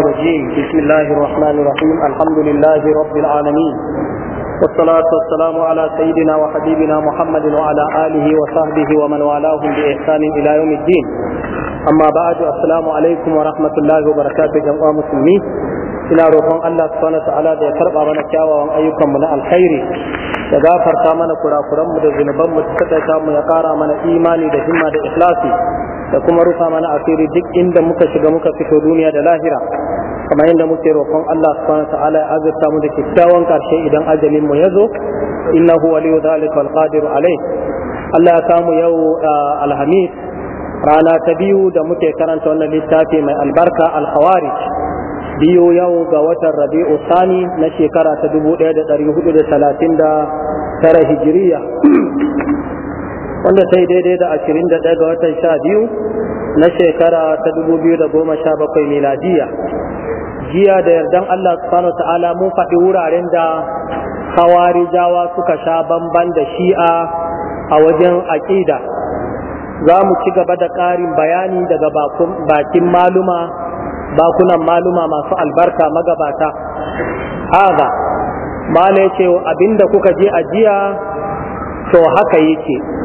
الرجيم بسم الله الرحمن الرحيم الحمد لله رب العالمين والصلاة والسلام على سيدنا وحبيبنا محمد وعلى آله وصحبه ومن والاهم بإحسان إلى يوم الدين أما بعد السلام عليكم ورحمة الله وبركاته جميع مسلمين ina roƙon Allah subhanahu wa ta'ala da ya karɓa mana kyawawan ayyukan mu na alkhairi ya gafarta mana kurakuran mu da zunuban mu ta mu ya ƙara mana imani da himma da ikhlasi da kuma rufa mana asiri duk inda muka shiga muka fito duniya da lahira kamar yadda muke roƙon Allah subhanahu ta'ala ya azurta mu da kyakkyawan karshe idan ajalin mu yazo innahu waliyu dhalika wal qadiru alayh Allah ya samu yau alhamis rana ta biyu da muke karanta wannan littafi mai albarka al-khawarij biyu yau ga watan rabi'u sani na shekara ta 1439 hijiriya wanda ta yi daidai da 21 ga watan biyu na shekara ta 2017 miladiya jiya da yardan Allah subhanahu ta'ala mun faɗi wuraren da hawarijawa suka sha bamban da shi'a a wajen aƙida za mu ci gaba da ƙarin bayani daga bakin maluma bakunan maluma masu albarka magabata haza ma ne ce abinda kuka je a jiya to haka yake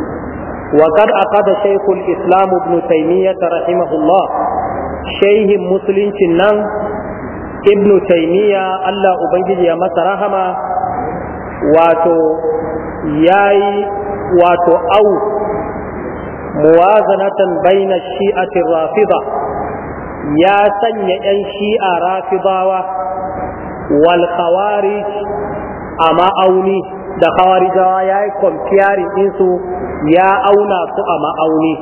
وقد عقد شيخ الإسلام ابن تيمية رحمه الله شيخ مسلم شنان ابن تيمية الله أبنجد يا مسرهما واتو ياي واتو أو موازنة بين الشيعة الرافضة يا سنة أن شيعة رافضة والخوارج أما أوني da khawarijawa ya yi kwamfiyarin ɗinsu ya auna su a ma'auni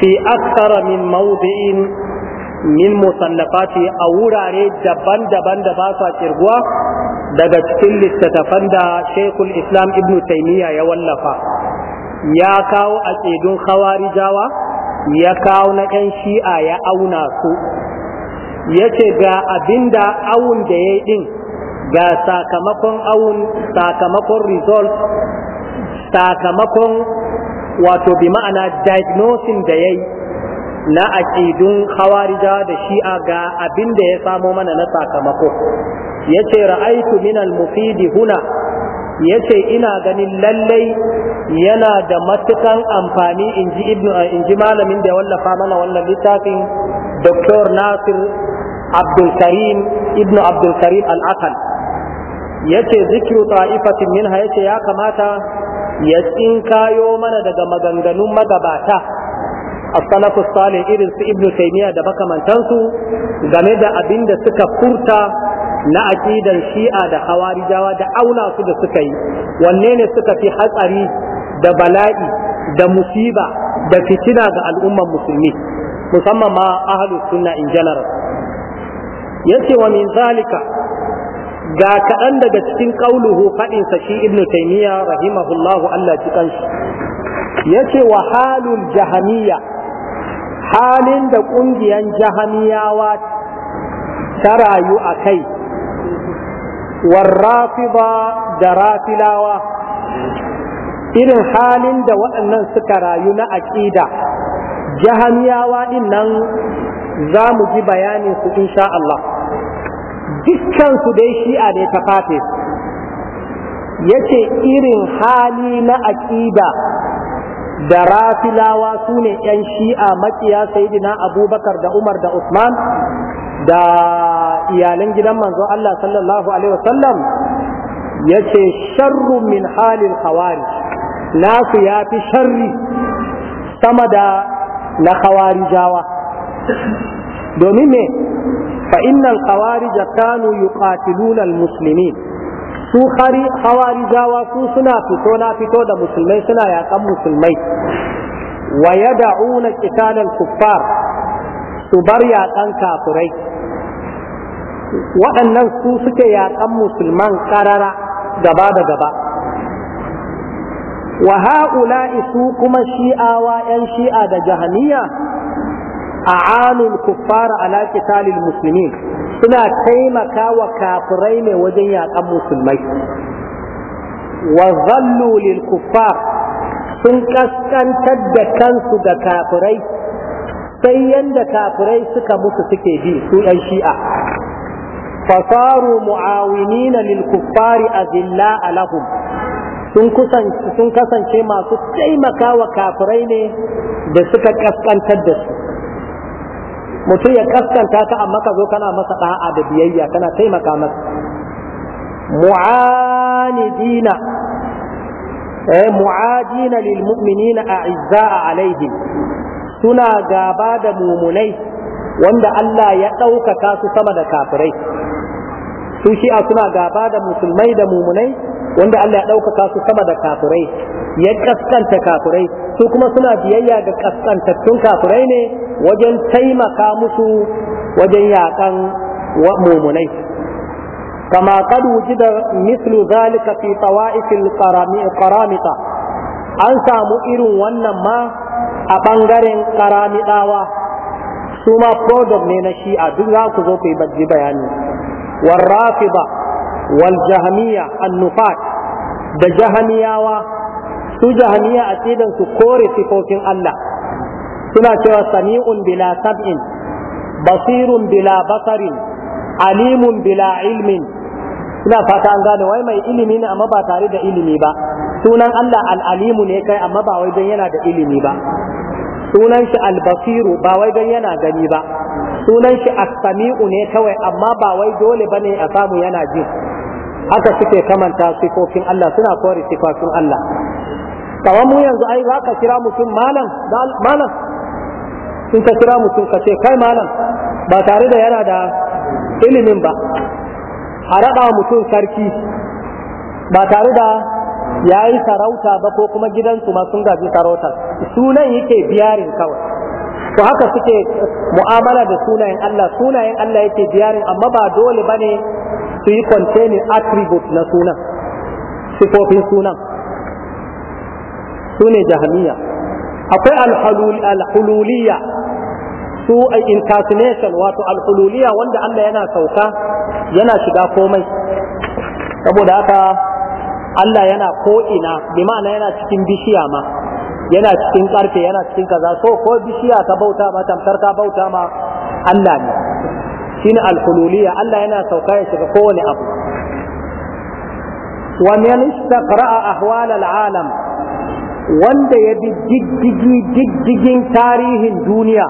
fi aksara min mawdi'in min musallafati a wurare daban-daban da ba sa kirguwa daga cikin littattafan da shekul islam ibn taimiyya ya wallafa ya kawo a tsedun khawarijawa ya kawo na 'yan shi'a ya auna su ya ce ga abinda awun da ya yi ɗin ga sakamakon awun sakamakon result sakamakon wato bi ma'ana diagnosing da yayi na aƙidun hawarija da shi'a ga abin da ya samo mana na sakamako ya ce ra'aitu minal mufidi huna ya ce ina ganin lallai yana da matukan amfani in ji eh, malamin da ya wallafa mana wannan littafin dr nasir abdulkarim ibnu abdulkarim al'akal yace zikiru ta'ifatin minha yace ya kamata ya tsinkayo mana daga maganganun magabata as-salafu salih irin su ibnu taymiya da makamantansu game da abin da suka furta na aqidan shi'a da hawarijawa da auna su da suka yi wanne ne suka fi hatsari da bala'i da musiba da fitina ga al'ummar musulmi musamman ma ahlus sunna in general yace wa min zalika ga kaɗan daga cikin ƙauluhu faɗinsa shi ibnu taimiyya rahimahullahu Allah ci kanshi ya ce wa halul jahamiya halin da ƙungiyar jahamiyawa ta rayu a kai warrafiba da rafilawa irin halin da waɗannan suka rayu na aƙida jahamiyawa ɗin nan za mu ji bayanin su insha Allah dukkansu dai shi'a ne ta fate yace irin hali na aƙida da rafilawa su ne 'yan shi'a maƙiya Sayyidina abubakar da umar da usman da iyalan gidan manzo Allah sallallahu alaihi wasallam yace sharru min halin khawarij nasu ya fi sharri sama da na khawarijawa domin me Fa'innan innal khawarij kanu yuqatiluna almuslimin su khari khawarijawa su suna fito na fito da musulmai suna yakan musulmai wa yad'una qital kuffar su bar yakan kafurai? waɗannan su suke yakan musulman karara gaba da gaba wa ha'ula'i su kuma shi'awa 'yan shi'a da jahaniya a'anul kuffara ala qitalil muslimin suna taimaka wa kafirai ne wajen yaƙan musulmai wa zallu sun kaskantar da kansu ga kafirai sai yadda kafirai suka musu suke bi su ɗan shi'a fasaru mu'awinina lil kuffari azilla alahum sun sun kasance masu taimaka wa kafirai ne da suka kaskantar da su mutum ya kaskanta ka amma ka zo kana masa da'a da biyayya kana taimaka masa mu'anidina eh mu'adina lil mu'minina a'izza'a alaihim suna gaba da mumunai wanda Allah ya ɗaukaka su sama da kafirai su shi'a suna gaba da musulmai da mumunai wanda Allah ya ɗaukaka su sama da kafurai ya ƙaskanta kafurai su kuma suna biyayya ga kaskantattun kafurai ne wajen taimaka musu wajen yaƙan mumunai kama kad wujida mislu zalika fi tawa'ifil qaramita an samu irin wannan ma a ɓangaren ƙaramiɗawa su ma product ne na shi'a duk za ku zo ku yi bayani warrafida wal jahamiya annufat da jahamiyawa su jahamiya a cidan su kore sifofin Allah suna cewa sami'un bila sab'in basirun bila basarin alimun bila ilmin suna fata an gane wai mai ilimi ne amma ba tare da ilimi ba sunan Allah al'alimu ne kai amma ba wai don yana da ilimi ba sunan shi albasiru ba wai don yana gani ba sunan shi as-sami'u ne kawai amma ba wai dole bane a samu yana ji haka suke kamanta sifofin Allah suna kore sifofin Allah tsawon mu yanzu ai za ka kira mutum malam malam sun ka kira mutum ka ce kai malam ba tare da yana da ilimin ba a raɗa mutum sarki ba tare da ya yi sarauta ba ko kuma gidansu ma sun gaji sarautar sunan yake biyarin kawai to haka suke mu'amala da sunayen Allah sunayen Allah yake biyarin amma ba dole bane su yi containing attribute na sunan sifofin sunan su ne jahamiya akwai alhululiya su a incarcination wato alhululiya wanda Allah yana sauka yana shiga komai saboda haka Allah yana ko'ina bi ma'ana yana cikin bishiya ma yana cikin karfe yana cikin kaza so ko bishiya ta bauta ma tamkar ta bauta ma Allah ne shine al-hululiyya Allah yana sauka ya shiga kowane abu wa man istaqra'a ahwal al-alam wanda ya bi diddigi diddigin tarihin duniya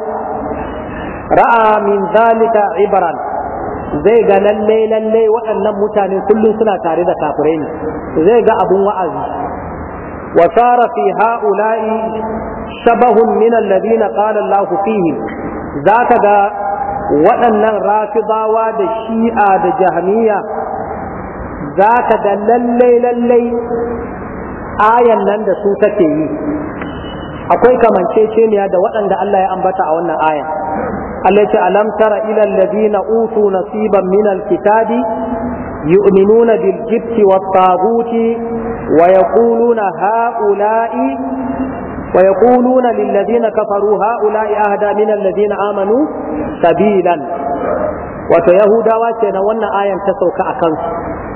ra'a min zalika ibran zai ga lalle lalle waɗannan mutane kullum suna tare da kafirai ne zai ga abun wa'azi wa sara fi ha'ula'i shabahun min alladhina qala Allah fihim zaka ga waɗannan rafidawa da shi'a da jahamiya za ka da lallai-lallai ayan nan da su take yi akwai kamanceceniya da waɗanda Allah ya ambata a wannan ayan Allah ya ce alam tara ila alladhina utu nasiban min alkitabi yu'minuna bil jibti wat taguti wa yaquluna haula'i ويقولون للذين كفروا هؤلاء أهدى من الذين آمنوا سبيلا wato yahudawa ce na wannan ayan ta sauka a kansu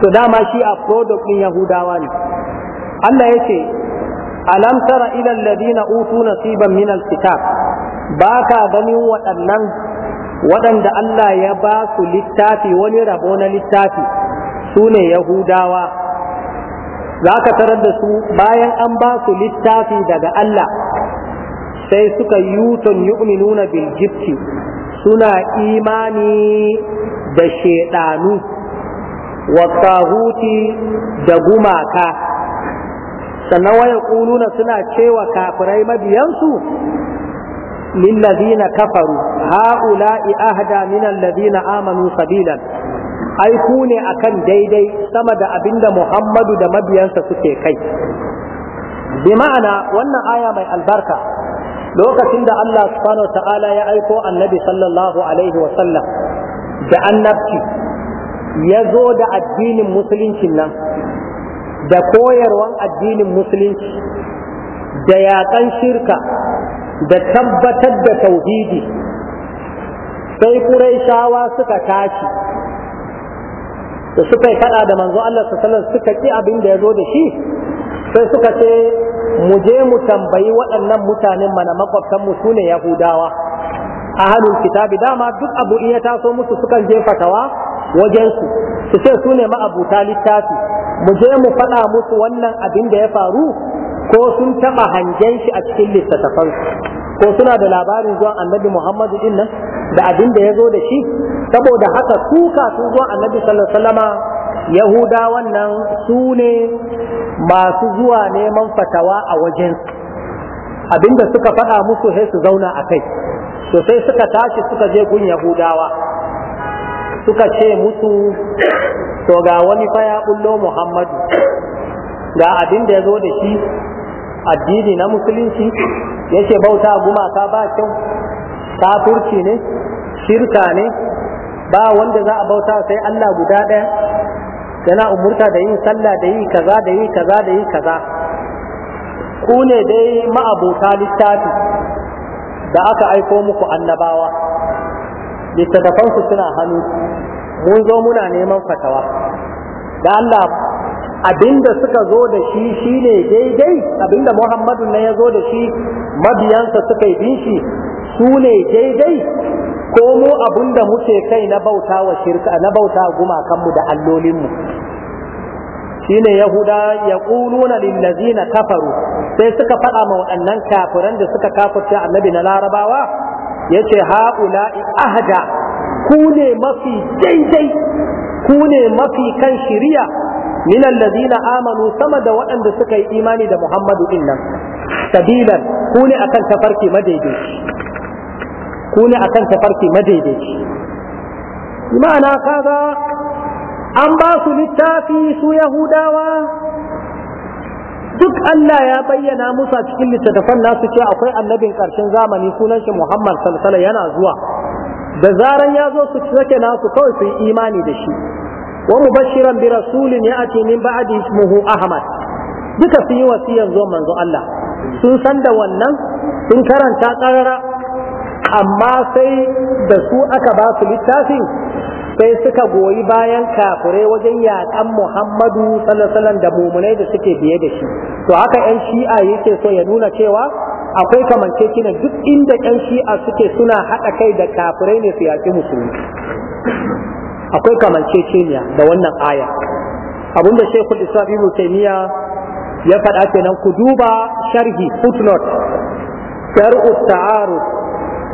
to dama shi a product din yahudawa ne Allah ya ce alam tara ila alladhina utu nasiban min alkitab baka ganin waɗannan waɗanda Allah ya ba su littafi wani rabo na littafi su ne yahudawa za ka tarar da su bayan an ba su littafi daga Allah sai suka yuton yu'minuna bil jibti suna imani da shaidanu wa da gumaka sannan waya kuluna suna cewa kafirai mabiyansu lillazina kafaru ha'ula'i ahda min allazina amanu sabilan ai ku ne akan daidai sama da abinda Muhammadu da mabiyansa suke kai bi ma'ana wannan aya mai albarka lokacin da Allah subhanahu ta'ala ya aiko annabi sallallahu alaihi wa sallam da annabci ya zo da addinin musuluncin nan da koyarwan addinin musulunci da yaƙan shirka da tabbatar da tauhidi sai shawa suka tashi da suka yi faɗa da manzo Allah sallallahu alaihi suka ki abin da ya zo da shi sai suka ce mu je mu tambayi waɗannan mutanen mana makwabtan mu sune yahudawa a halin kitabi dama duk abu in ya taso musu sukan je fatawa wajen su su ce sune ma'abuta littafi mu je mu faɗa musu wannan abin da ya faru ko sun taɓa hangen shi a cikin littattafansu ko suna da labarin zuwa annabi muhammadu din nan da abin da ya zo da shi saboda haka su kafin zuwa annabi sallallahu sallama yahuda wannan su ne masu zuwa neman fatawa a wajen abin da suka faɗa musu sai su zauna a kai to suka tashi suka je gun yahudawa suka ce musu to ga wani fa ya bullo muhammadu ga abin da ya zo da shi addini na musulunci yake bauta gumaka ba kyau kafurci ne shirka ne ba wanda za a bauta sai Allah guda ɗaya yana umurta da yin sallah da yi kaza da yi kaza da yi kaza ku ne dai ma'abota littafi da aka aiko muku annabawa littattafansu suna hannu mun zo muna neman fatawa da Allah abinda suka zo da shi shine daidai abinda Muhammadu na ya zo da shi mabiyansa suka yi bin shi su ne daidai ko mu abun da muke kai na bauta wa shirka na bauta gumakanmu da allolinmu shine yahuda ya ƙuluna lillazina kafaru sai suka faɗa ma waɗannan kafiran da suka kafirce annabi na larabawa ya ce ha'ula'i ahada ku ne mafi daidai ku ne mafi kan shiriya min allazina amanu sama da waɗanda suka yi imani da muhammadu din nan sabilan ku ne akan tafarki madaidaici ku ne akan tafarki madaidaici ma'ana kaga an ba su littafi su yahudawa duk Allah ya bayyana musu a cikin littattafan nasu ce akwai annabin ƙarshen zamani sunan shi Muhammad salsala yana zuwa da zaran ya zo su sake nasu kawai su yi imani da shi wa mubashiran bi rasulin ya ati min ba'di ismuhu Ahmad duka su yi wasiyar zuwa manzo Allah sun san da wannan sun karanta karara amma sai da su aka ba su littafin sai suka goyi bayan kafirai wajen yaƙan muhammadu sallallahu da mumunai da suke biye da shi to haka ƴan shi'a yake so ya nuna cewa akwai kamance kina duk inda ƴan shi'a suke suna haɗa kai da kafirai ne su yaƙi musulmi akwai kamance kina da wannan aya abinda shekul islam ibn taymiya ya faɗa kenan ku duba sharhi footnote shar'u ta'aruf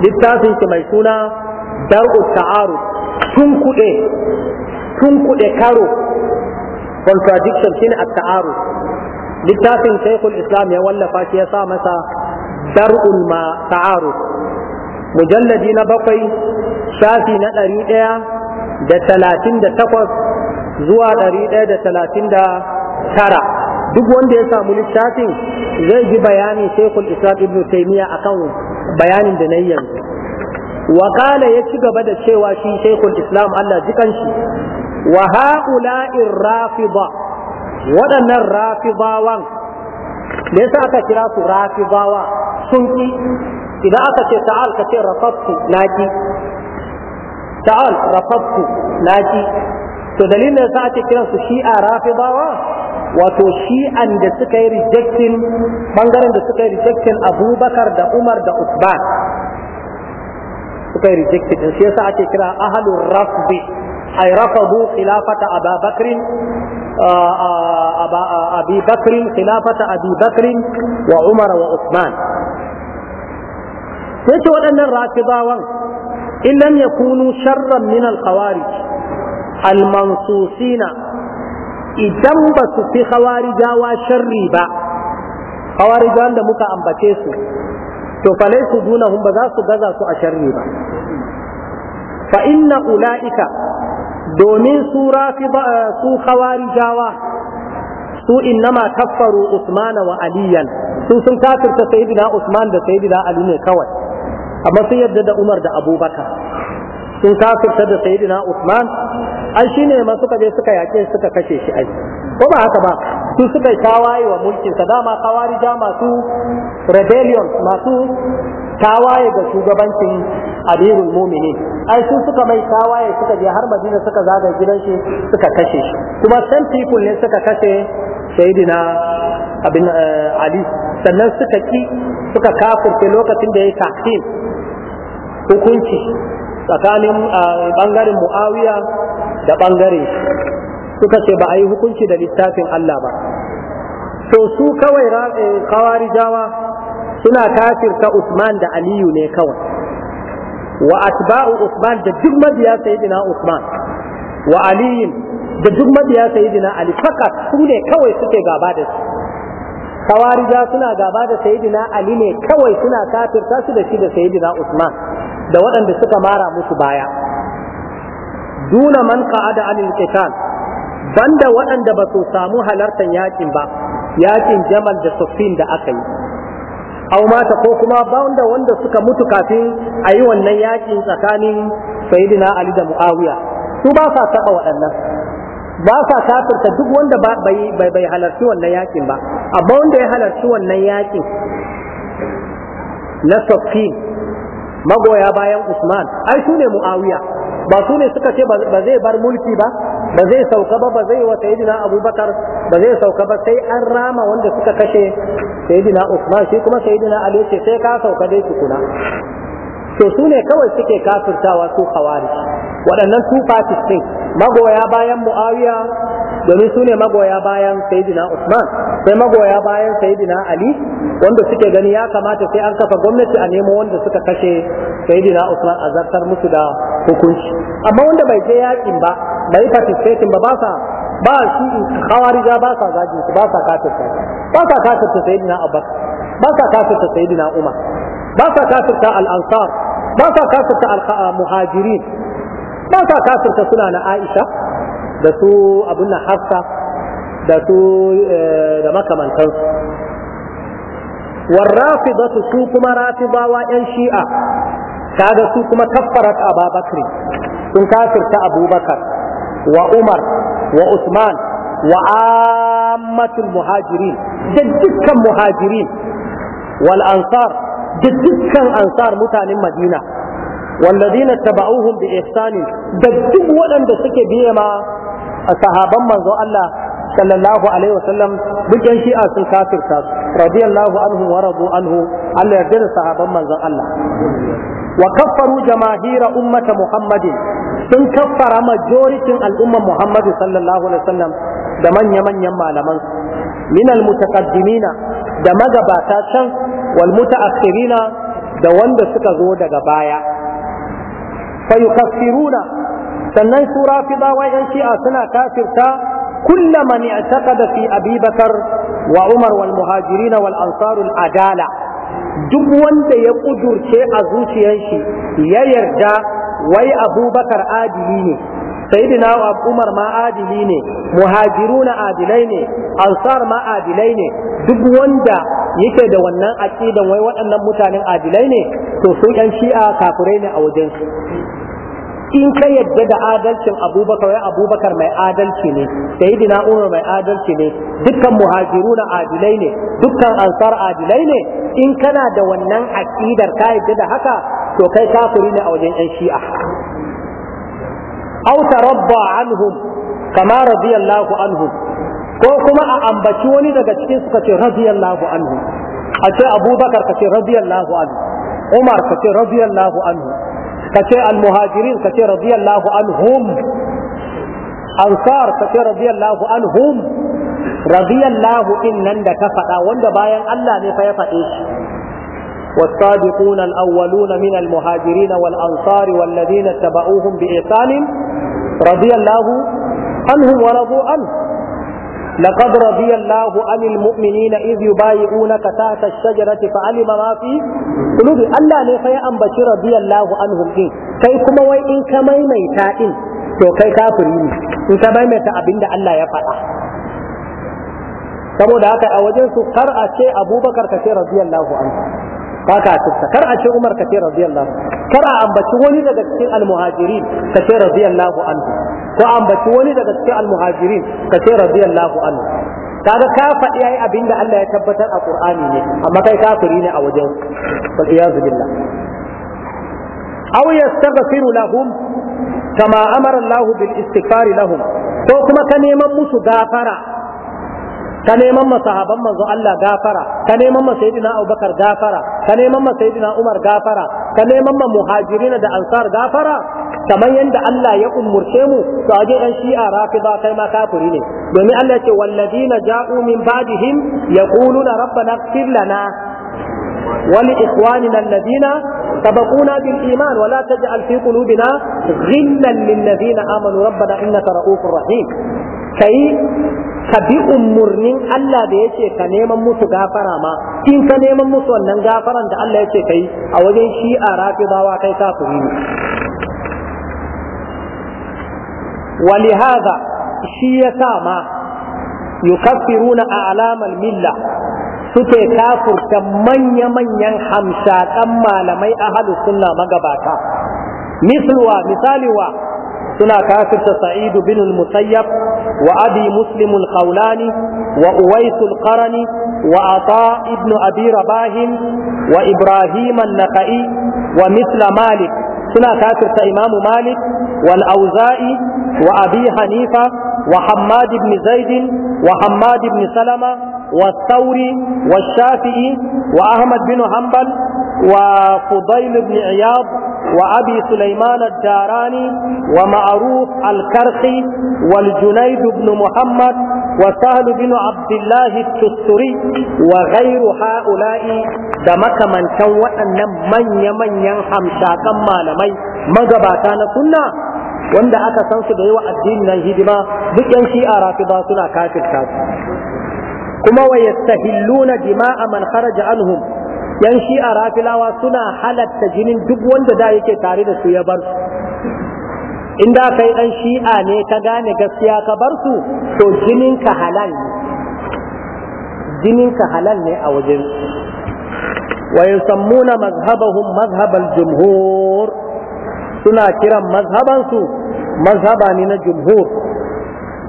littafin shi mai suna dar'u ta'arud tun kuɗe tun kuɗe karo contradiction shine at-ta'arud littafin shaykhul islam ya wallafa shi ya sa masa dar'ul ma ta'arud mujalladi na bakwai shafi na ɗari ɗaya da talatin da takwas zuwa ɗari ɗaya da talatin da tara duk wanda ya samu littafin zai ji bayani shekul islam ibn taimiya akan bayanin da na yi yanzu wakala ya ci gaba da cewa shi shekul islam allah jikan shi wa ha'ula'in rafida waɗannan rafidawan da yasa aka kira su rafidawa sun ki idan aka ce ta'al ka ce rafattu naki ta'al rafattu naki to dalilin da yasa ake kiransu shi'a rafidawa wato shi'an da suka yi rejectin bangaren da suka yi rejectin abubakar da umar da usman suka yi rejectin shi yasa ake kira ahalur rafdi ay rafadu khilafata ababakrin abi bakrin khilafata abi bakrin wa umar wa usman sai ce waɗannan rafidawan in lam yakunu sharran min al-khawarij al-mansusina idan ba su fi jawa sharri ba hawarijawan da muka ambace su to falai su dunahum ba za su gaza su a sharri ba fa inna ula'ika domin su rafi su jawa su innama kaffaru usmana wa aliyan su sun kafirta sayyidina usman da sayyidina ali ne kawai amma sun yadda da umar da abubakar sun kafirta da sayyidina usman an shi ne masu suka suka yake suka kashe shi ai ko ba haka ba su suka yi tawaye wa mulkin sa dama kawari da masu rebellion masu tawaye ga shugabancin amirul mumini ai su suka mai tawaye suka je har madina suka zagaye gidan shi suka kashe shi kuma san people ne suka kashe shaidina abin eh, ali sannan suka ki suka kafirce lokacin da ya yi hukunci tsakanin eh, bangaren muawiya da ɓangare suka ce ba a yi hukunci da littafin Allah ba to su kawai eh, kawari jawa suna kafirta Usman da Aliyu ne kawai wa atba'u Usman da duk mabiya sayyidina Usman wa Aliyin da duk mabiya sayyidina Ali fakat su ne kawai suke gaba da su kawarija suna gaba da sayidina ali ne kawai suna kafirta su da shi da sayidina usman da waɗanda suka mara musu baya duna man qa'ada anil qital banda waɗanda ba su samu halartar yakin ba yakin jamal da sufin da aka yi aw mata ko kuma banda wanda suka mutu kafin a yi wannan yakin tsakanin sayyidina ali da muawiya su ba sa taɓa waɗannan ba sa kafirta duk wanda bai bai halarci wannan yakin ba amma wanda ya halarci wannan yakin na sufin magoya bayan usman ai su ne muawiya ba su ne suka ce ba zai bar mulki ba ba zai sauka ba ba zai wa sayyidina abubakar ba zai sauka ba sai an rama wanda suka kashe sayyidina usman shi kuma sayyidina ali ce sai ka sauka dai tukuna to su ne kawai suke kafirtawa su kawari waɗannan su parties magoya bayan muawiya domin su ne magoya bayan sayidina Usman sai magoya bayan sayidina Ali wanda suke gani ya kamata sai an kafa gwamnati a nemo wanda suka kashe sayidina Usman a zartar musu da hukunci amma wanda bai je yakin ba bai participating ba ba sa ba shi khawarija ba sa zagin ba sa kafirta ba sa kafirta sayidina Abubakar ba sa kafirta sayidina Umar ba sa kafirta al-Ansar ba sa kafirta al-Muhajirin ba sa kafirta suna na Aisha da su abin hafsa da su eh, da makamantansu warrafi da su kuma bawa 'yan shi'a kaga su kuma a Babakri sun kafirta abubakar wa umar wa usman wa ammatul muhajirin da dukkan muhajirin wal ansar da dukkan ansar mutanen madina والذين تبعوهم بإحسان da duk waɗanda suke biye ma sahaban manzo Allah sallallahu alaihi wasallam duk yan shi'a sun kafirta su radiyallahu anhu wa radu anhu Allah yarda da sahaban manzon Allah wa kaffaru jamahira ummata muhammadin sun kaffara majoritin al'ummar muhammadu sallallahu alaihi wasallam da manya manyan malaman min almutaqaddimina da magabata can wal mutaakhirina da wanda suka zo daga baya fa yukaffiruna sannan su rafidawa yan shi'a suna kafirta kulla man i'taqada fi abi bakar wa umar wal muhajirin wal ansar al adala duk wanda ya kudurce a zuciyar shi ya yarda wai abubakar adili ne sayyidina umar ma adili ne muhajiruna adilai ne ansar ma adilai ne duk wanda yake da wannan aƙidan wai waɗannan mutanen adilai ne to su yan shi'a kafirai ne a wajen in ka yadda da adalcin abubakar wai abubakar mai adalci ne sayyidina umar mai adalci ne dukkan na adilai ne dukkan ansar adilai ne in kana da wannan aƙidar ka yadda da haka to kai kafiri ne a wajen yan shi'a aw tarabba anhum kama radiyallahu anhum ko kuma a ambaci wani daga cikin su kace radiyallahu anhu a ce abubakar kace radiyallahu anhu umar kace radiyallahu anhu kace almuhajirin kace radiyallahu anhum ansar kace radiyallahu anhum radiyallahu din nan da ka faɗa wanda bayan Allah ne fa ya faɗe shi والسابقون الأولون من المهاجرين والأنصار والذين اتبعوهم بإحسان رضي الله عنهم ورضوا عنه لقد رضي الله عن المؤمنين إذ يبايعونك تحت الشجرة فعلم ما في قلوب الله ne fa ya ambaci radiyallahu anhum din kai kuma wai in ka maimaita din to kai kafiri ne in ka maimaita abinda Allah ya faɗa saboda haka a wajen su kar a ce Abubakar ka ce radiyallahu anhu haka a kar a ce Umar ka ce Kada a ambaci wani daga cikin almuhajirin ka ce radiyallahu anhu ko ambaci wani daga cikin almuhajirin ka ce radiyallahu anhu kaga ka faɗi yayi abinda Allah ya tabbatar a Qur'ani ne amma kai kafiri ne a wajen wal iyazu billah aw yastaghfiru lahum kama amara Allah bil istighfar lahum ko kuma ka neman musu gafara ka neman ma sahaban manzo Allah gafara ka neman ma sayyidina Abubakar gafara ka neman ma sayyidina Umar gafara ka neman ma muhajirin da ansar gafara kamar yadda Allah ya umurce mu to aje dan shi'a rafida kai ma kafiri ne domin Allah ce walladina ja'u min ba'dihim yaquluna rabbana ighfir lana wa li ikhwanina alladina سبقونا بالإيمان ولا تجعل في قلوبنا غلا للذين Amanu, ربنا إنك رؤوف رحيم kai ka bi umurnin Allah da yake ka neman musu gafara ma in ka neman musu wannan gafaran da Allah yake kai a wajen shi a rafidawa kai kafiri ne ولهذا shi ya sa ma yukaffiruna a alamar milla suke kafurta manya-manyan hamshakan malamai a sunna magabata misluwa misaliwa سنا كافر سعيد بن المسيب وأبي مسلم القولاني وأويس القرني وعطاء بن أبي رباه وإبراهيم النقعي ومثل مالك سنا كافر إمام مالك والأوزائي وأبي حنيفة وحماد بن زيد وحماد بن سلمة والثوري والشافعي وأحمد بن حنبل وفضيل بن عياض وأبي سليمان الداراني ومعروف الكرخي والجنيد بن محمد وسهل بن عبد الله التستري وغير هؤلاء دمك من شوى أن من يمن ينحم شاكا مالمي من قباتان سنة wanda aka san su da yawa addinin nan hidima duk yan shi'a rafida suna kafirta su kuma wa yastahilluna dima'a man kharaja anhum yan shi'a rafilawa suna halatta jinin duk wanda da yake tare da su ya bar su in da kai dan shi'a ne ka gane gaskiya ka bar su to jinin ka halal ne jinin ka halal ne a wajen wa yusammuna mazhabahum mazhabal jumhur suna kiran mazhaban su mazhaba ne na jumhur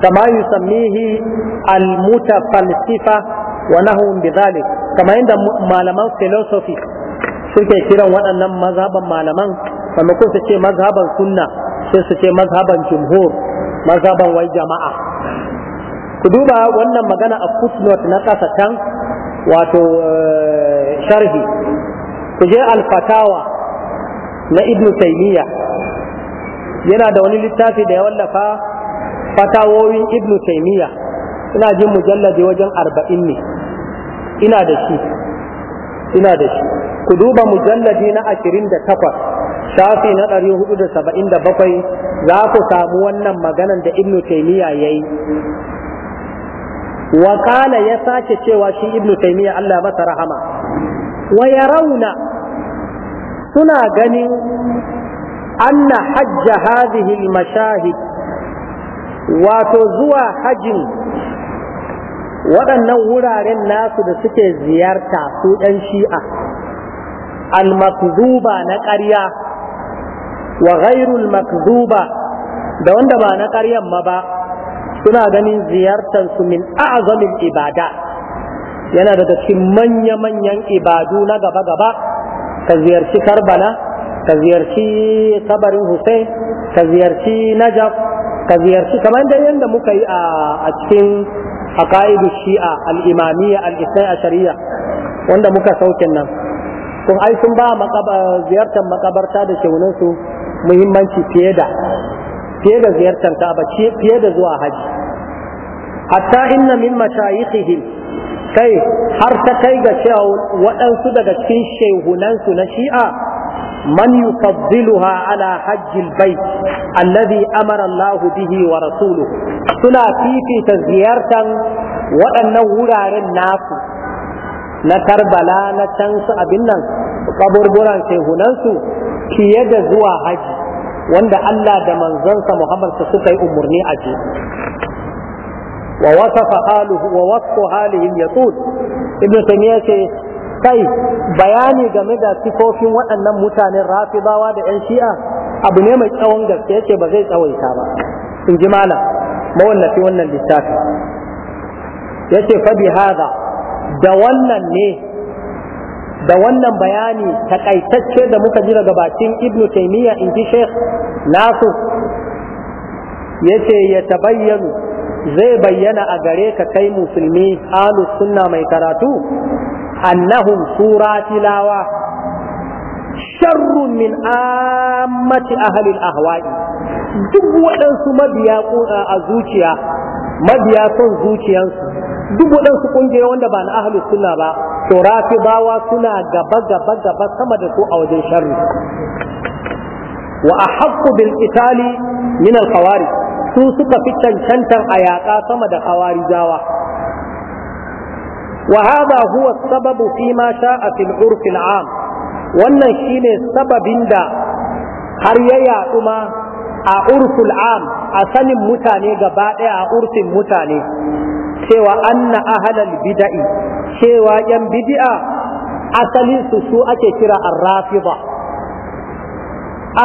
kama yusammihi al mutafalsifa wa nahum bidhalik kamar yadda malaman philosophy suke kiran waɗannan mazhaban malaman maimakon su ce mazhaban sunna sai su ce mazhaban jumhur mazhaban wai jama'a ku duba wannan magana a footnote na ƙasa can wato eh, sharhi ku je alfatawa na ibnu taymiya yana da wani littafi da ya wallafa fatawoyin ibnu taymiya ina jin mujalladi wajen arba'in ne ina da shi ina da shi ku duba mujalladi na takwas shafi na bakwai, za ku samu wannan maganan da ibnu taymiya yayi yi. kana ya sace cewa shi ibnu taymiya Allah masa rahama wa rauna suna ganin anna hajja hadhihi al-mashahid wato zuwa hajin waɗannan wuraren nasu da suke ziyarta su ɗan shi'a al-makzuba na ƙarya wa ghairul makzuba da wanda ba na ƙaryan ma ba suna ganin ziyartar su min a'zamin ibada yana daga cikin manya-manyan ibadu na gaba-gaba ka ziyarci karbala ka ziyarci kabarin hussein ka ziyarci najaf ka ziyarci kamar da yadda muka yi a cikin A aqaidu shi'a al-imamiyya al-isnai ashariya wanda muka sauke nan kun ai sun ba ziyartar makabarta da shaunin su muhimmanci fiye da fiye da ziyartar Ka'aba fiye da zuwa haji hatta inna min mashayikhihim kai har ta kai ga kyau waɗansu daga cikin shehunansu na shi'a man yufaddiluha ala hajjil bait alladhi amara Allah bihi wa rasuluhu suna fifita ziyartan waɗannan wuraren nasu na Karbala na can su abin nan kaburburan shehunansu fiye da zuwa haji wanda Allah da manzonsa Muhammad suka yi umarni a je wa wasafa haluhu wa wasfu halihim yatul ibnu ce kai bayani game da sifofin waɗannan mutanen rafidawa da 'yan shi'a abu ne mai tsawon gaske yake ba zai tsawaita ba in ji malam mawallafi wannan littafi ce fa bi hada da wannan ne da wannan bayani takaitacce da muka jira daga bakin ibnu taymiya in ji sheikh nasu yace ya tabayyanu zai bayyana a gare ka kai musulmi ahlus sunna mai karatu annahum suratilawa sharrun min ammati ahli ahwa'i duk waɗansu mabiya uh, a zuciya mabiya son zuciyansu duk waɗansu ƙungiyoyi wanda ba na ahli sunna ba to rafidawa suna gaba gaba gaba sama da su a wajen sharri wa ahaqqu bil itali min al su suka fi cancantar a yaƙa sama da ƙawarizawa. wa hadha huwa sababu fi ma sha'a fil urf am wannan shine sababin da har ya yaɗu ma a urful am a sanin mutane gaba ɗaya a urfin mutane cewa anna ahlal bid'i cewa yan bidi'a asalin su su ake kira ar-rafida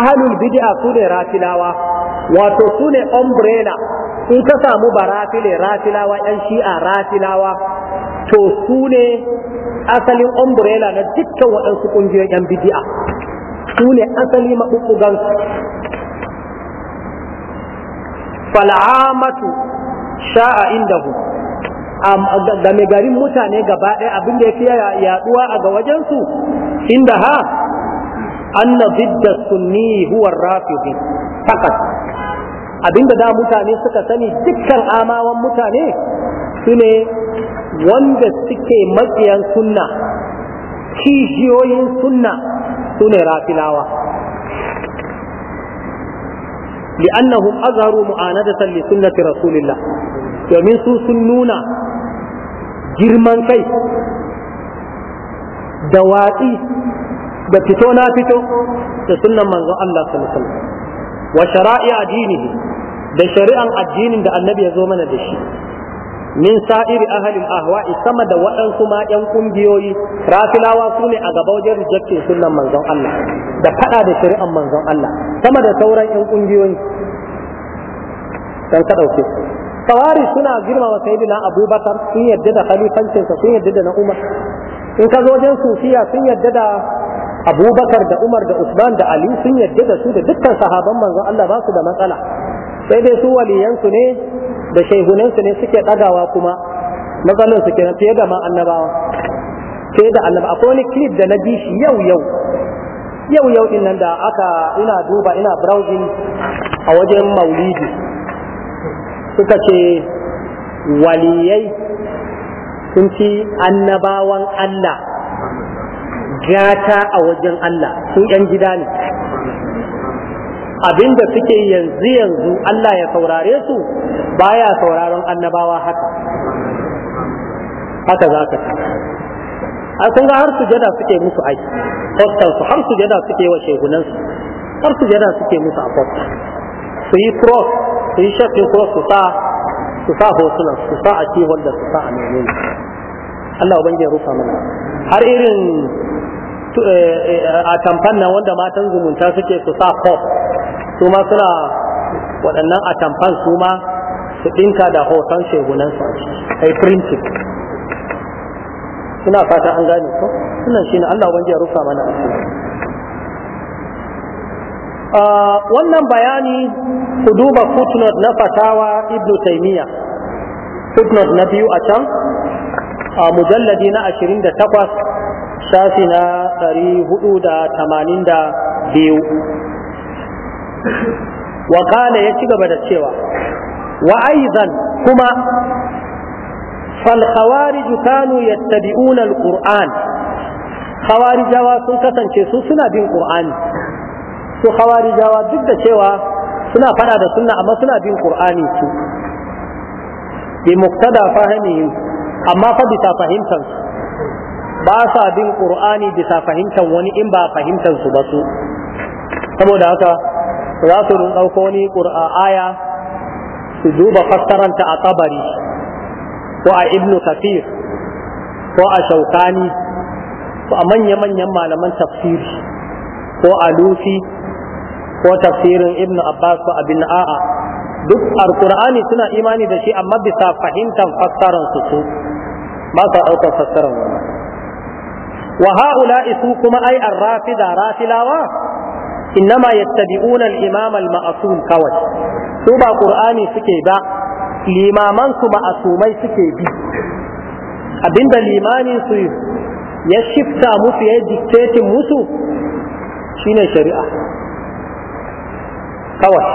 ahlul bid'a su ne rafilawa wato su ne umbrella in ka samu barafile rafilawa yan shi'a rafilawa to su ne asalin umbrella na dukkan waɗansu ƙungiyar yan bidi'a su ne asali maɓuɓɓugan fal'amatu sha'a hu da mai garin mutane gaba ɗaya abin da ya fiye yaɗuwa a ga wajensu inda ha anna zidda sunni huwa rafidi fakat abinda da mutane suka sani dukkan amawan mutane su ne wanda suke maƙiyan sunna kishiyoyin sunna su ne rafilawa li'annahum azharu mu'anadatan li sunnati rasulillah domin su sun nuna girman kai da watsi da fito na fito da sunnan manzon Allah sallallahu alaihi wasallam wa shara'i addinihi da shari'an addinin da annabi ya zo mana da shi min sa'iri ahalin ahwa'i sama da waɗansu ma ƴan ƙungiyoyi rafilawa su ne a gaba wajen rejectin sunan manzon Allah da faɗa da shari'an manzon Allah sama da sauran ƴan ƙungiyoyi dan ka ɗauke Tawari suna girmama sayyidina Abubakar sun yadda da khalifancinsa sun yadda da na Umar in ka zo wajen sufiya sun yadda da abubakar da umar da usman da ali sun yadda da su da dukkan sahaban manzon Allah ba su da matsala sai dai su waliyansu ne da shaihunansu ne suke ɗagawa kuma matsalar su kenan fiye da ma annabawa fiye da annaba akwai wani clip da na ji shi yau yau yau yau din nan da aka ina duba ina browsing a wajen maulidi suka ce waliyai sun ci annabawan Allah gata a wajen Allah su ‘yan gida ne abinda suke yanzu yanzu Allah ya saurare su baya sauraron annabawa haka haka za ka a kun ga har jada suke musu aiki har su jada suke wa shegunan su jada suke musu a kwasta su yi cross su yi shafin cross su sa su sa hotunan su sa a kihon da su sa a menene Allah ubangiji rufa mana har irin Eh, eh, a tamfan nan wanda matan zumunta suke su sa pop su ma suna waɗannan a tamfan su ma su ɗinka da hoton shegunan su a yi printing suna fata an gane ko sunan shi ne Allah wanda ya rufa mana a ah, wannan bayani ku duba footnote na fatawa ibnu taymiya footnote na biyu a can a mujalladi na 28 shafi na ɗari hudu da tamanin da biyu ya ci gaba da cewa wa aizan kuma falkhawarij kanu yattabi'una alquran khawarijawa sun kasance su suna bin qur'ani su khawarijawa duk da cewa suna fada da sunna amma suna bin qur'ani su bi muktada fahimihim amma fa ta fahimtar su ba sa bin qur'ani bisa fahimtar wani in ba fahimtar su ba su saboda haka za su ɗauko wani aya su duba fassaranta a tabari ko a ibnu kafir ko a shaukani ko a manya-manyan malaman tafsiri ko a lufi ko tafsirin ibnu abbas ko abin a'a duk alkur'ani suna imani da shi amma bisa fahimtar fassarar su su ba sa ɗaukar fassarar wannan wa ha'ula'i isu kuma ai arrafida rafilawa innama yattabi'una al-imam al-ma'sum kawai su ba qur'ani suke ba limaman su ma'asumai suke bi abinda limanin su ya shifta musu ya dictating musu shine shari'a kawai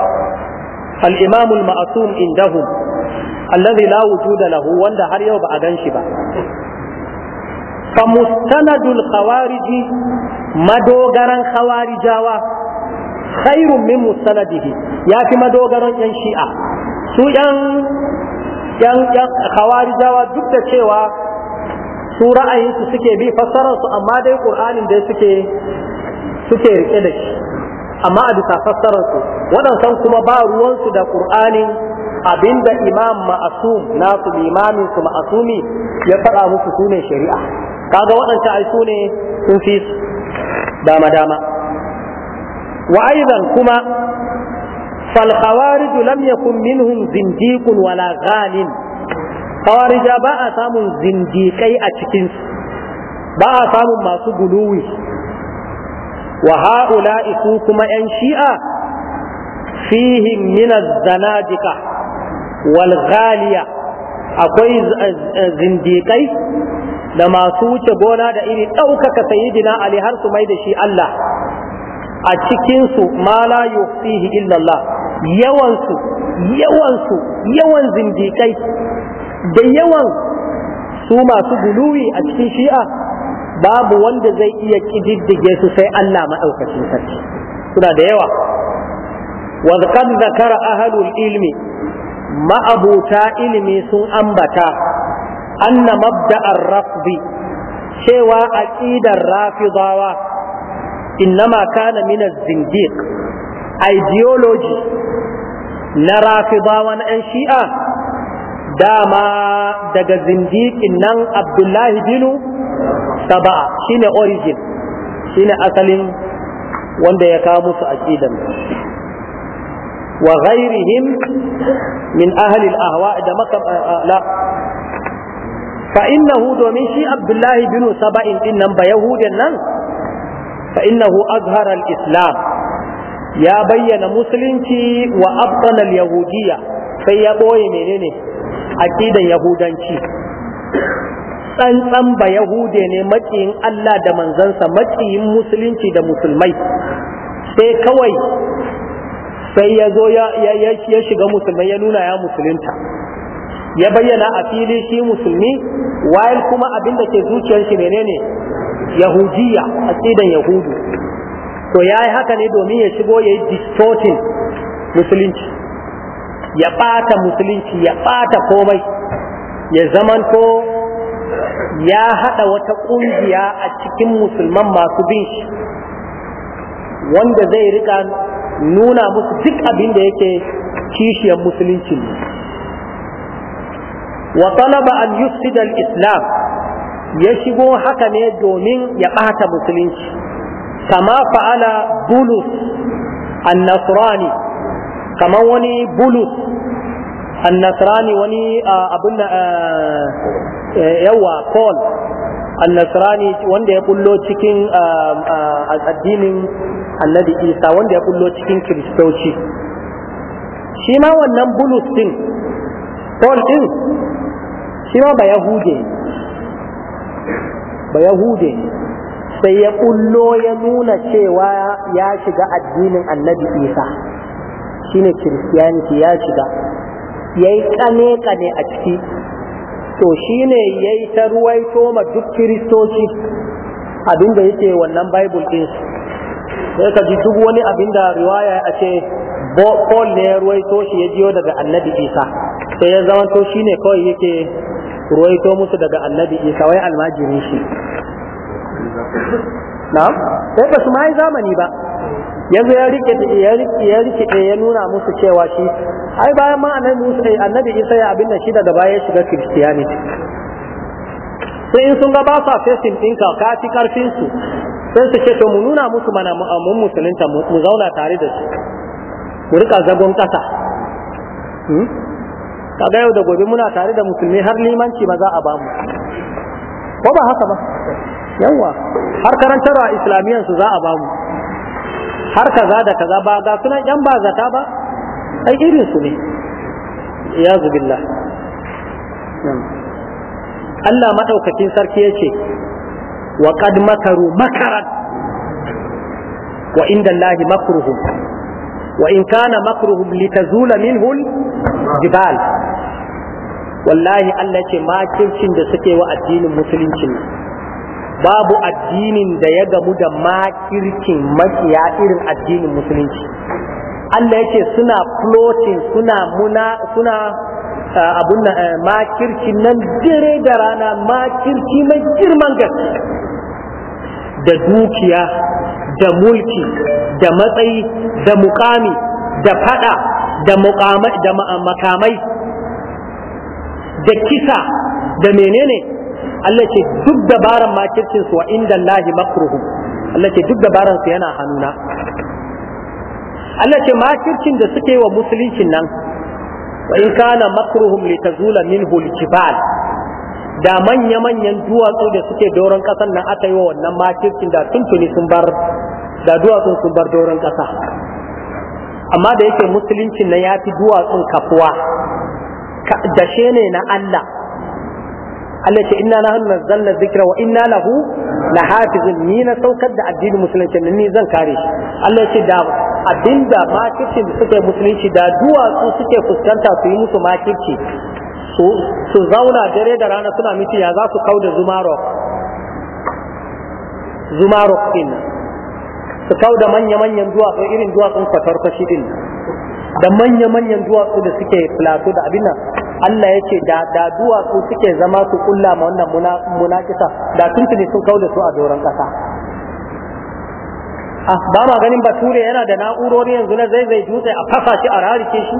al-imam al-ma'sum indahum alladhi la wujuda lahu wanda har yau ba a gan ba fa mustanadul khawariji madogaran khawarijawa khairun min mustanadihi yafi madogaran yan shi'a su yan yan khawarijawa duk da cewa su ra'ayinsu suke bi fassararsu amma dai qur'anin da suke suke rike da shi amma a bisa fassararsu waɗansan kuma ba ruwansu da ƙur'anin abinda imam ma'asum nasu limamin su ma'asumi ya faɗa musu sune shari'a kaga waɗancan ai su ne sun fi dama dama wa kuma fal khawarij lam yakun minhum zindiqun wala ghanin khawarija ba a samun zindikai a cikin ba a samun masu guluwi wa ha'ula'i su kuma 'yan shi'a fihim min az wal ghaliya akwai zindikai da masu wuce gona da iri ɗaukaka sayidina ali har su mai da shi Allah a cikinsu ma la yufihi illallah yawansu yawansu yawan zindikai da yawan su masu guluwi a cikin shi'a babu wanda zai iya kididdige su sai Allah maɗaukacin sarki suna da yawa wa zakara ahlul ilmi ma'abuta ilimi sun ambata anna mabda'ar rafdi cewa aqidar rafidawa innama kana min az-zindiq na rafidawa na yan shi'a dama daga zindiqin nan abdullahi binu saba'a shine origin shine asalin wanda ya kawo musu aqidan wa ghairihim min ahli al-ahwa da maka eh, eh, la fa innahu domin shi abdullahi bin saba'in din nan ba yahudin nan fa innahu azhara al-islam ya bayyana musulunci wa abtana al-yahudiyya sai ya boye menene aqidan yahudanci tsantsan ba yahude ne maƙiyin Allah da manzansa maƙiyin musulunci da musulmai sai kawai sai ya zo ya shiga musulmai ya nuna ya musulunta ya bayyana a fili shi musulmi wayan kuma abin da ke zuciyar shi menene yahudiya aqidan yahudu to yayi haka ne domin ya shigo yayi distorting musulunci ya ɓata musulunci ya bata komai ya zaman ko ya haɗa wata ƙungiya a cikin musulman masu bin shi wanda zai rika nuna musu duk abin da yake kishiyar musulunci ne wa talaba an yufsida al-islam ya shigo haka ne domin ya ɓata musulunci kama fa'ala bulus An-nasrani, kamar wani bulus An-nasrani, wani abin e, yawa paul An-nasrani, wanda ya bullo cikin addinin annabi isa wanda ya bullo cikin kiristoci shi ma wannan bulus din paul din shi ma ba yahude ne ba yahude ne sai ya kullo ya nuna cewa ya shiga addinin annabi isa shi ne kiristiyaniti ya shiga ya yi kane-kane a ciki to shi ne ya yi ta ruwaito ma duk kiristoci abin da ce wannan bible din sai ka ji duk wani abinda da riwaya a ce paul ne ya ruwaito shi ya jiyo daga annabi isa sai ya zama to ne kawai yake ruwaito musu daga annabi isa wai almajirin shi na'am sai ba su ma yi zamani ba yanzu ya rike ya rike ya rike ya nuna musu cewa shi ai bayan ma annabi musa annabi isa ya abin da shi daga baya ya shiga christianity sai in sun ga ba sa fesin ɗinka ka fi karfin su sai su ce to mu nuna musu mana mun musulunta mu zauna tare da su mu rika zagon ƙasa hmm? kaga yau da gobe muna tare da musulmi har limanci ma za a bamu ko ba haka ba yawa har karantarwa islamiyan su za a bamu har kaza da kaza ba ga sunan yan ba zata ba ai irin su ne ya zubillah Allah madaukakin sarki ce wa qad makaru makaran wa inda Allah makruhum wa in kana makruhum litazula minhu jibal wallahi Allah ce makircin da suke wa addinin musulunci babu addinin da ya gamu da makircin makiya irin addinin musulunci Allah yake suna floating suna muna suna abun makirci nan dare da rana makirci mai girman gaske da dukiya da mulki da matsayi da mukami da fada da makamai da kisa da menene Allah ce duk dabaran makircin su wa inda Allahi makruhu Allah ce duk dabaran su yana hannuna Allah ce makircin da suke wa musuluncin nan wa in kana makruhum litazula minhu aljibal da manya-manyan duwatsu da suke doron kasan nan aka yi wa wannan makircin da tuntuni sun bar da duwatsun sun bar doron kasa amma da yake musuluncin nan ya fi duwatsun kafuwa dashe ne na Allah Allah ce inna nahnu nazzalna dhikra wa inna lahu lahafizun ni na saukar da addinin musulunci ni zan kare shi Allah ce da abinda makirci da suke musulunci da duwatsu suke fuskanta su yi musu makirci su zauna dare da rana suna miti ya za su kau da zumarok zumarok din su kau da manya-manyan duwatsu irin duwatsun kwatarfashi din da manya-manyan duwatsu da suke filatu da abin nan Allah ya ce da duwatsu suke zama su kulla ma wannan munakisa da tuntuni sun kau da su a doron kasa ah, ba ma ganin bature yana da na'urori yanzu na zaizai dutse a fasa shi a rarike shi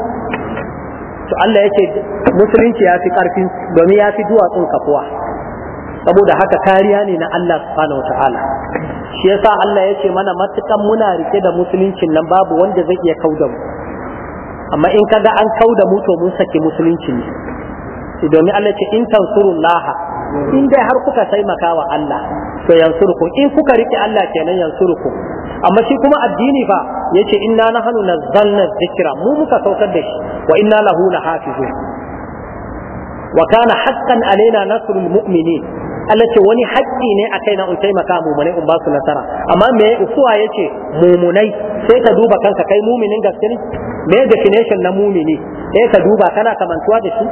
to Allah ya ce musulunci ya fi karfin domin ya fi duwatsun kafuwa saboda haka kariya ne na Allah subhanahu wa ta'ala shi yasa Allah ya ce mana matukan muna rike da musuluncin nan babu wanda zai iya kauda mu amma in kaga an kauda mu to mun saki musulunci ne domin Allah ce in tansurullah in dai har kuka sai wa Allah to yansuruku in kuka rike Allah kenan yansuruku amma shi kuma addini fa yace inna nahnu nazzalna dhikra mu muka saukar da shi wa inna lahu lahafizun wa kana haqqan alaina nasrul mu'minin Allah ce wani haƙƙi ne a kaina in taimaka mumunai in ba su nasara amma me usuwa yace mumunai sai ka duba kanka kai muminin gaskiya me definition na mumini sai eh, ka duba kana kamantuwa da shi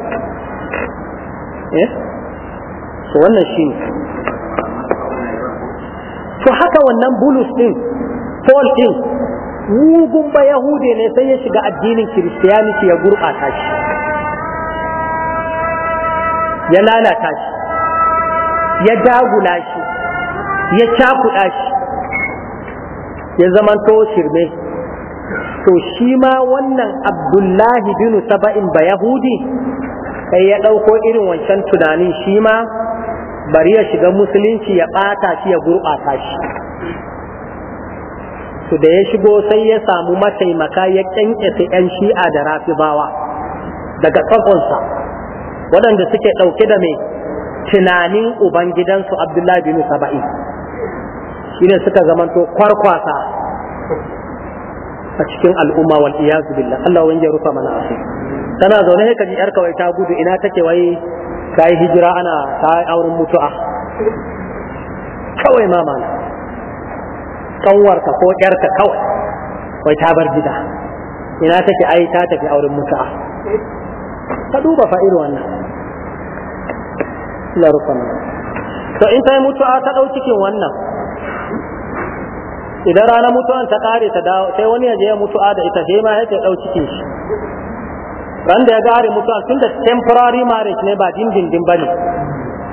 eh wannan shi to haka wannan bulus din Paul din mugun ba Yahude ne sai ya shiga addinin Kiristiyaniti ya gurɓata shi ya lalata shi ya dagula shi ya cakuɗa shi ya zamanto shirme to shi ma wannan abdullahi bin saba'in ba yahudi sai ya ɗauko irin wancan tunanin shi ma bari ya shiga musulunci ya ɓata shi ya gurɓata shi su da ya shigo sai ya samu mataimaka ya ƙyanƙyata 'yan shi'a da rafibawa daga tsakonsa waɗanda suke ɗauke da mai tunanin ubangidansu abdullahi bin shi ne suka zamanto kwarkwasa a cikin al'umma wal iyazu billah Allah wani ya rufa mana asu tana zaune sai kaji yar kawai ta gudu ina take wai ta yi hijira ana ta auren mutu'a kawai mama na kanwarka ko yarka kawai wai ta bar gida ina take ai ta tafi auren mutu'a ka duba fa'ir wannan misla to in sai mutuwa ta ɗau cikin wannan idan ranar mutuwan ta ƙare ta dawo sai wani yaje ya mutuwa da ita sai ma yake ɗau cikin shi ran da ya gare mutuwa tun da temporary marriage ne ba dindindin ba ne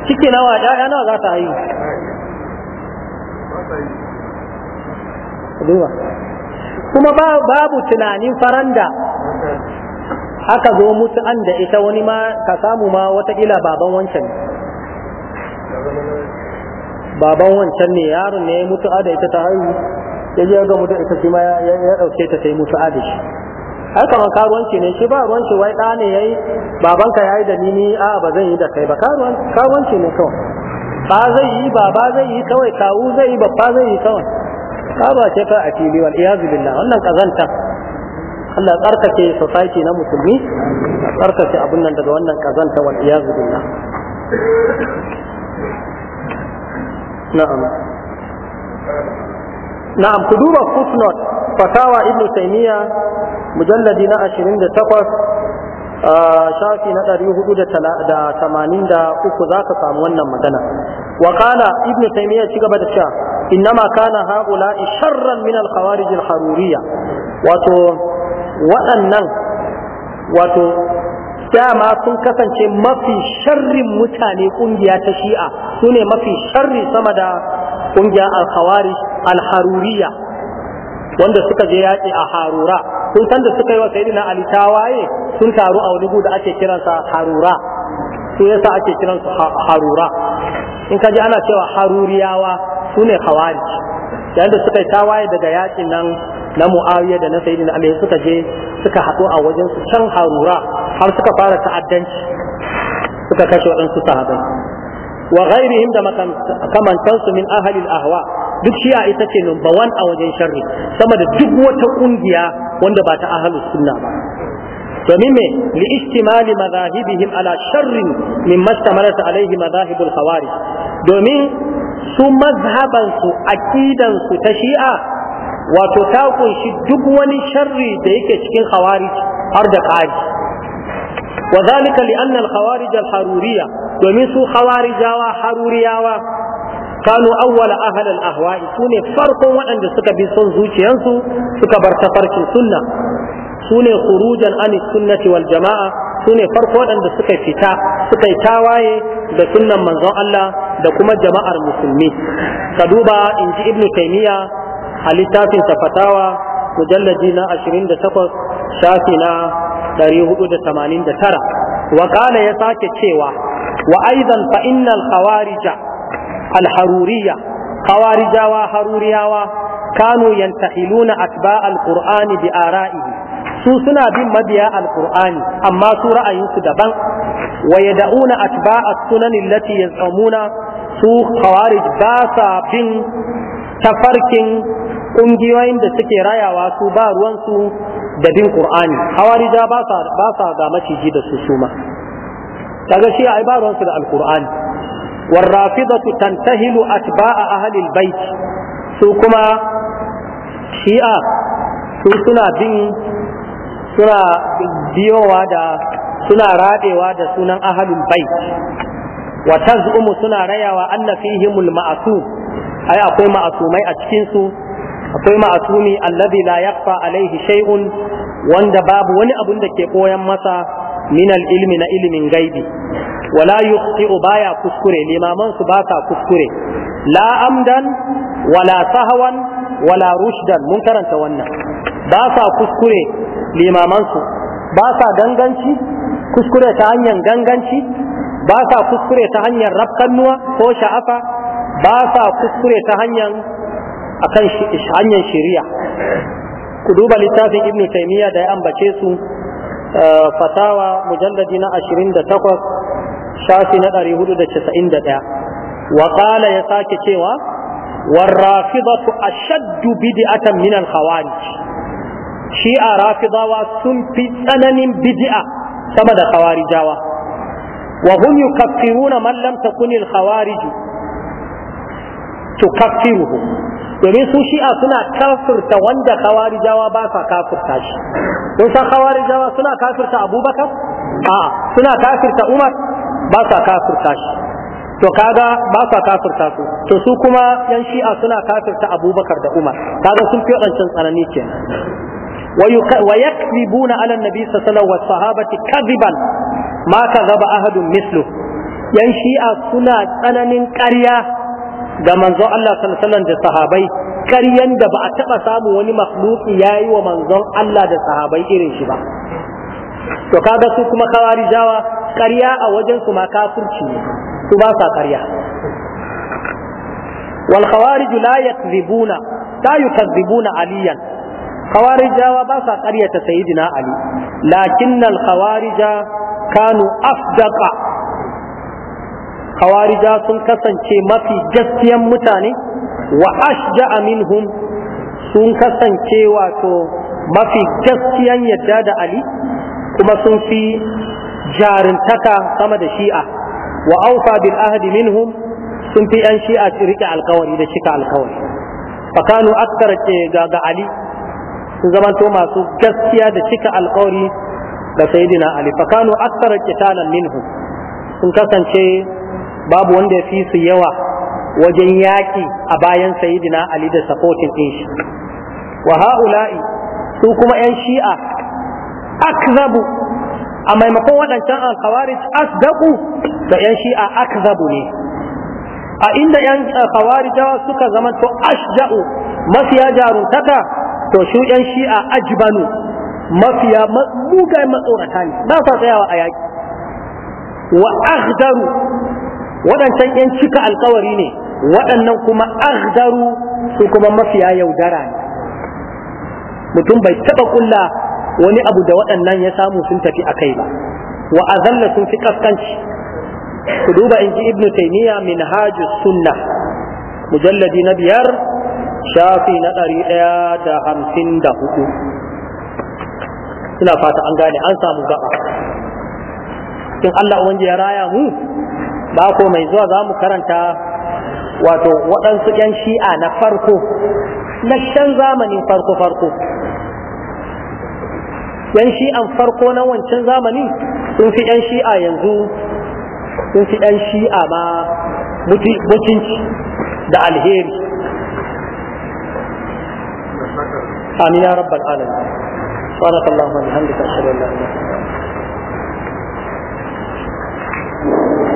ciki nawa ya'ya nawa za ta haihu kuma babu tunanin faranda haka zo mutu an da ita wani ma ka samu ma watakila baban wancan baban wancan ne yaron ne ya mutu da ita ta haihu ya je ga mutu ita shi ma ya dauke ta sai mutu da shi har kamar karuwanci ne shi ba ruwanci wai ɗa ne yayi babanka yayi da nini a ba zan yi da kai ba karuwanci ne kawai ba zai yi baba zai yi kawai kawu zai yi babba zai yi kawai karuwa ce fa a fili wal iyazu billah wannan kazanta Allah tsarkake society na musulmi tsarkake abun nan daga wannan kazanta wal iyazu billah na'am na'am ku duba footnote fatawa ibnu taymiya mujalladi na 28 shafi na 483 zaka samu wannan magana wa qala ibnu taymiya ci gaba da cewa innama kana haula sharran min al haruriya, al wato waɗannan wato dama sun kasance mafi sharrin mutane kungiya ta shi'a su ne mafi sharri sama da kungiyar alkhawari alharuriya wanda suka je yaƙi a harura sun san da suka yi wa sai ali tawaye sun taru a wani da ake kiransa harura su yasa ake kiransa harura in ka ji ana cewa haruriyawa su ne khawari yayin da suka yi tawaye daga yaƙin nan na mu'awiyar da na sayyidina ali suka je suka haɗu a wajen su can harura har suka fara ta'addanci suka kashe waɗansu sahabai wa ghairihim da makamantansu min ahalil ahwa duk shi'a ita ce number one a wajen sharri sama da duk wata ƙungiya wanda ba ta ahalus sunna ba domin me li istimali madahibihim ala sharrin min mastamarat alaihi madahibul khawarij domin su mazhaban su aqidan su ta shi'a wato ta kunshi duk wani sharri da yake cikin khawarij har da ƙari wa zalika li anna al khawarij al haruriyya domin su khawarijawa haruriyawa kanu awwala ahl al ahwa'i sune farkon waɗanda suka bi son zuciyansu suka bar tafarkin sunna sune khurujan an sunnati wal jama'a sune farko waɗanda suka fita suka yi tawaye da sunnan manzon Allah da kuma jama'ar musulmi ka duba inji ibnu taymiya a littafinsa fatawa mujalladi na 28 shafi na 489 wa kana ya sake cewa wa aizan fa innal khawarija al haruriya khawarijawa haruriyawa kanu yantahiluna atba al qur'ani bi ara'ihi su suna bin mabiya al qur'ani amma su ra'ayinsu daban wa yad'una atba as sunan allati yaz'umuna su khawarij ba sa bin tafarkin ƙungiyoyin da suke rayawa su ba ruwansu da bin ƙur'ani hawarija ba sa ga maciji da su suma daga shi ai ba ruwansu da alƙur'ani warrafidatu tantahilu atba'a ahlil bait su kuma shi'a su suna bin suna biyowa da suna radewa da sunan ahlul bait wa tazumu suna rayawa anna fihimul ma'sum ai akwai ma'asumai a cikin su akwai ma'asumi allazi la yaqfa alaihi shay'un wanda babu wani abun da ke koyan masa min ilmi na ilimin gaibi wala yukhti'u baya kuskure limaman su ba ta kuskure la amdan wala sahawan wala rushdan mun karanta wannan ba sa kuskure limaman su ba sa ganganci kuskure ta hanyar ganganci ba sa kuskure ta hanyar rafkannuwa ko sha'afa ba sa kuskure ta hanyar akan hanyar shari'a ku duba littafin ibnu taimiyya da ya ambace su eh, fatawa mujalladi na 28 shafi na 491 wa qala ya sake cewa warrafidatu ashaddu bid'atan min al-khawarij shi'a rafidawa sun fi tsananin bid'a sama da khawarijawa wa hum yukaffiruna man lam takun al-khawarij tukaffiruhu domin su shi'a suna kafirta wanda khawarijawa ba sa kafirta shi kun san khawarijawa suna kafirta abubakar a suna kafirta umar ba sa kafirta shi to kaga ba sa kafirta su to su kuma yan shi'a suna kafirta abubakar da umar kaga sun fi wancan tsanani kenan wa yakzibuna ala nabi sallallahu alaihi wasallam wa sahabati kadiban ma kadhaba ahadun mislu yan shi'a suna tsananin ƙarya ga manzon Allah sallallahu da sahabai ƙaryan da ba a taɓa samu wani makhluki yi wa manzon Allah da sahabai irin shi ba to kaga su kuma kawarijawa ƙarya a wajen su ma kafirci ne su ba sa ƙarya wal khawarij la yakzibuna la yukadzibuna aliyan kawarijawa ba sa ƙaryata sayyidina ali lakin lakinnal Ja kanu afdaqa khawarija sun kasance mafi gaskiyan mutane wa ashja'a minhum sun kasance wato mafi gaskiyan yadda da ali kuma sun fi jarintaka sama da shi'a wa aufa bil ahdi sun fi yan shi'a rike alkawari da cika alkawari fakanu akthar eh, ga ga ali sun zamanto masu gaskiya da cika alkawari da sayyidina ali fakanu akthar qitalan minhum sun kasance babu wanda ya fi su yawa wajen yaki a bayan sayidina ali da sakotin din shi wa ha'ula'i su kuma yan shi'a akzabu a maimakon waɗancan alkhawarij asdaqu da yan shi'a akzabu ne a inda yan khawarijawa suka zama to ashja'u mafiya jaruntaka to su yan shi'a ajbanu mafiya mugayen matsorata ne ba sa tsayawa a yaki wa akhdaru waɗancan yan cika alkawari ne waɗannan kuma aghdaru su kuma mafiya yaudara ne mutum bai taɓa kulla wani abu da waɗannan ya samu sun tafi a kai ba wa azalla sun fi kaskanci ku duba in ji ibnu taymiya min hajjus sunna mujalladi na biyar shafi na ɗari ɗaya da hamsin da hudu ina fata an gane an samu gaba in Allah wanda ya raya mu mako mai zuwa za mu karanta wato waɗansu ƴan shi'a na farko na shan zamanin farko-farko ƴan shi'an farko na wancan zamani sun fi ƴan shi'a yanzu sun fi ƴan shi'a ma mutunci da alheri amin ya rabbal alamin سبحانك اللهم وبحمدك اشهد ان لا اله الا انت